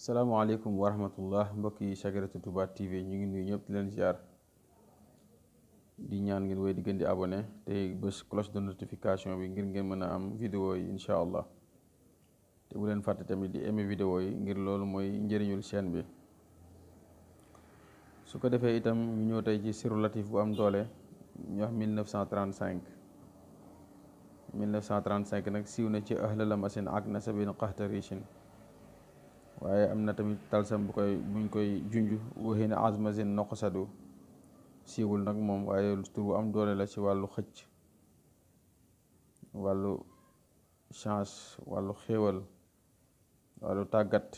salaamaaleykum wa rahmatullah mbokk yi Safinatou Touba TV ñu ngi nuyu ñëpp leen ziar di ñaan ngeen wéy di gën di abonné te cloche de notification bi ngir ngeen mën a am vidéo yi incha allah te bu leen fàtte tamit di aimer vidéo yi ngir loolu mooy njëriñul chaîne bi su ko defee itam ñu ñëw tey ci siru latif bu am doole ñu wax cent 1935 1935 nag siiw na ci ahlalam asin ak na nasabin qaxtarishin waaye am na tamit talsam bu koy buñ koy junj waxina azmazin noqosadu siiwul nag moom waaye tur bu am doole la ci wàllu xëcc wàllu chance wàllu xéewal wàllu tàggat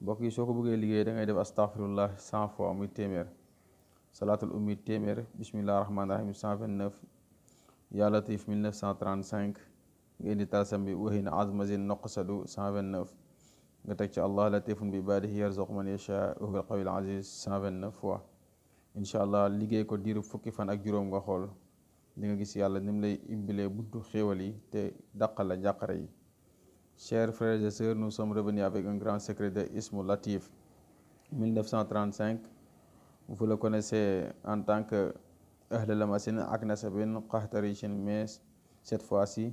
mbokk yi soo ko bëggee liggéey da ngay def astaghfirullah cent fois muy téeméer salaatul ummi téeméer bismillah rahmaani rahim cent vingt neuf yaa latif mille neuf cent trente cinq nga di talsam bi waxina azmazin noqosadu cent vingt neuf nga teg ci allah latifun bi ibaadihi yarzuqu man yashaa wa huwal qawiyyul aziz fois incha allah liggéey ko diiru fukki fan ak juróom nga xool di nga gis yàlla ni mu lay ibbilee buntu xéewal yi te daqal la njàqare yi chers frères et sœurs nous sommes revenus avec un grand secret de Ismu Latif 1935 vous le connaissez en tant que Ahlulamasin ak Nasabin Qahtarisin mais cette fois-ci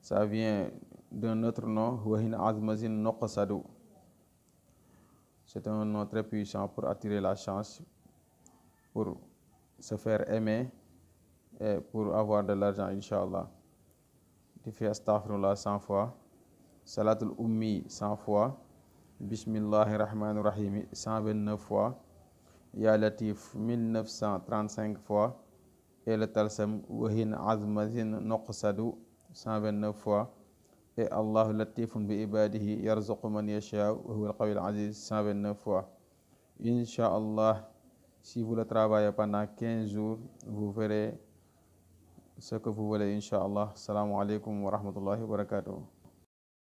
ça vient d'un autre nom wahin azmazin noqsadu c'est un nom très puissant pour attirer la chance pour se faire aimer et pour avoir de l'argent inchallah tu fais astaghfirullah cent fois salatul ummi cent fois bismillahi rahmani rahimi vingt-neuf fois ya latif mille neuf cent cinq fois et le azmazin noqsadu cent vingt-neuf fois et allahu latifun bi ibadihi yarzuqu man yasha wa huwa alqawil aziz 129 fois incha allah si vous le travaillez pendant 15 jours vous verrez ce que vous voulez incha allah salaamu aleykum wa rahmatullahi wa barakatuh